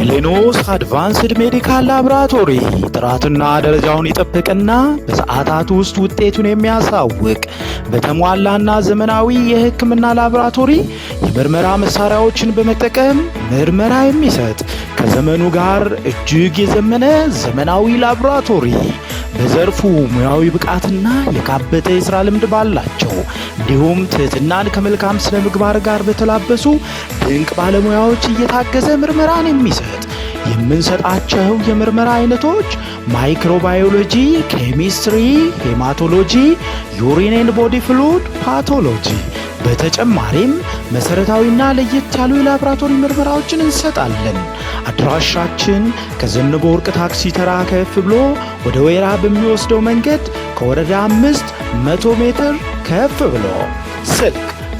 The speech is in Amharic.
ኤሌኖስ አድቫንስድ ሜዲካል ላብራቶሪ ጥራትና ደረጃውን ይጠብቅና በሰዓታት ውስጥ ውጤቱን የሚያሳውቅ በተሟላና ዘመናዊ የሕክምና ላብራቶሪ የምርመራ መሳሪያዎችን በመጠቀም ምርመራ የሚሰጥ ከዘመኑ ጋር እጅግ የዘመነ ዘመናዊ ላብራቶሪ በዘርፉ ሙያዊ ብቃትና የካበተ የስራ ልምድ ባላቸው እንዲሁም ትህትናን ከመልካም ስነ ምግባር ጋር በተላበሱ ድንቅ ባለሙያዎች እየታገዘ ምርመራን የሚሰጥ የምንሰጣቸው የምርመራ አይነቶች ማይክሮባዮሎጂ፣ ኬሚስትሪ፣ ሄማቶሎጂ፣ ዩሪኔን ቦዲ ፍሉድ ፓቶሎጂ በተጨማሪም መሰረታዊና ለየት ያሉ የላብራቶሪ ምርመራዎችን እንሰጣለን። አድራሻችን ከዘንጎ ወርቅ ታክሲ ተራ ከፍ ብሎ ወደ ወይራ በሚወስደው መንገድ ከወረዳ አምስት መቶ ሜትር ከፍ ብሎ ስልክ